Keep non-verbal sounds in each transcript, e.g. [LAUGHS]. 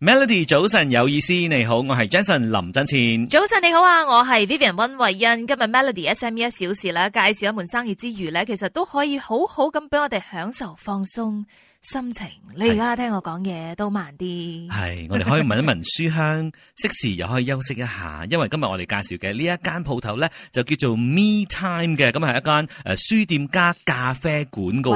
Melody，早晨有意思，你好，我係 Jason 林振倩。早晨你好啊，我係 Vivian 溫慧欣。今日 Melody S M E 一小時咧，介紹一門生意之餘呢，其實都可以好好咁俾我哋享受放鬆心情。你而家聽我講嘢都慢啲。係，我哋可以聞一聞書香，適 [LAUGHS] 時又可以休息一下。因為今日我哋介紹嘅呢一間鋪頭呢就叫做 Me Time 嘅，咁係一間誒書店加咖啡館噶。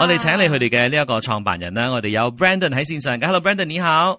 我哋請嚟佢哋嘅呢一個創辦人啦，我哋有 Brandon 喺線上。Hello Brandon，你好。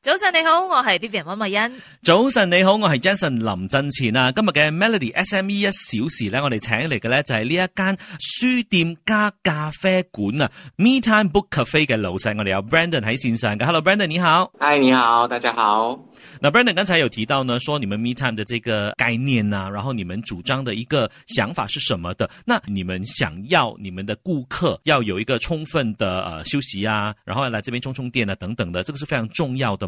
早晨你好，我係 Vivian 溫美欣。早晨你好，我係 Jason 林振前啊。今日嘅 Melody SME 一小時咧，我哋請嚟嘅咧就係、是、呢一間書店加咖啡館啊。Me Time Book Cafe 嘅老細，我哋有 Brandon 喺線上嘅。Hello Brandon，你好。Hi，你好，大家好。嗱，Brandon 剛才有提到呢，說你們 Me Time 的這個概念啊，然後你們主張的一個想法是什麼的？那你們想要你們的顧客要有一個充分的誒、呃、休息啊，然後來這邊充充電啊，等等的，這個是非常重要的。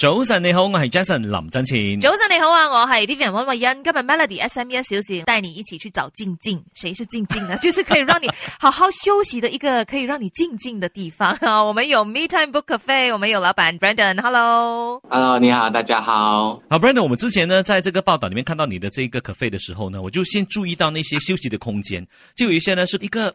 早晨你好，我係 Jason 林真晴。早晨你好啊，我係 Vivian 溫慧欣。今日 Melody SME 一小時帶你一起去找靜靜，誰是靜靜呢？就是可以讓你好好休息的一個，可以讓你靜靜的地方啊。 [LAUGHS] [LAUGHS] [LAUGHS] 我們有 Me Time Book Cafe，我們有老闆 Brandon，Hello，Hello 你好，大家好。好 Brandon，我們之前呢，在這個報道裏面看到你的這個 cafe 的時候呢，我就先注意到那些休息的空間，就有一些呢是一個。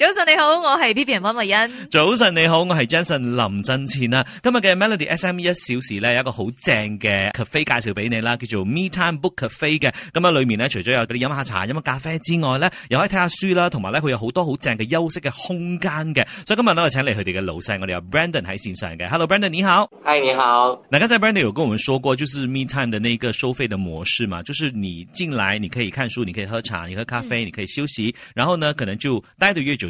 早晨你好，我係 B n 林慧欣。早晨你好，我係 Jason 林振前、啊。啦。今日嘅 Melody SME 一小時咧有一個好正嘅 cafe 介紹俾你啦，叫做 Me Time Book Cafe 嘅。咁啊，裏面咧除咗有畀你飲下茶、飲下咖啡之外咧，又可以睇下書啦，同埋咧佢有好多好正嘅休息嘅空間嘅。所以今日咧我請嚟佢哋嘅老細，我哋有 Brandon 喺線上嘅。Hello Brandon，你好。嗨，你好。嗱，剛才 Brandon 有跟我們說過，就是 Me Time 嘅那個收費的模式嘛，就是你進來你可以看書，你可以喝茶，你喝咖啡，嗯、你可以休息，然後呢可能就待得越久。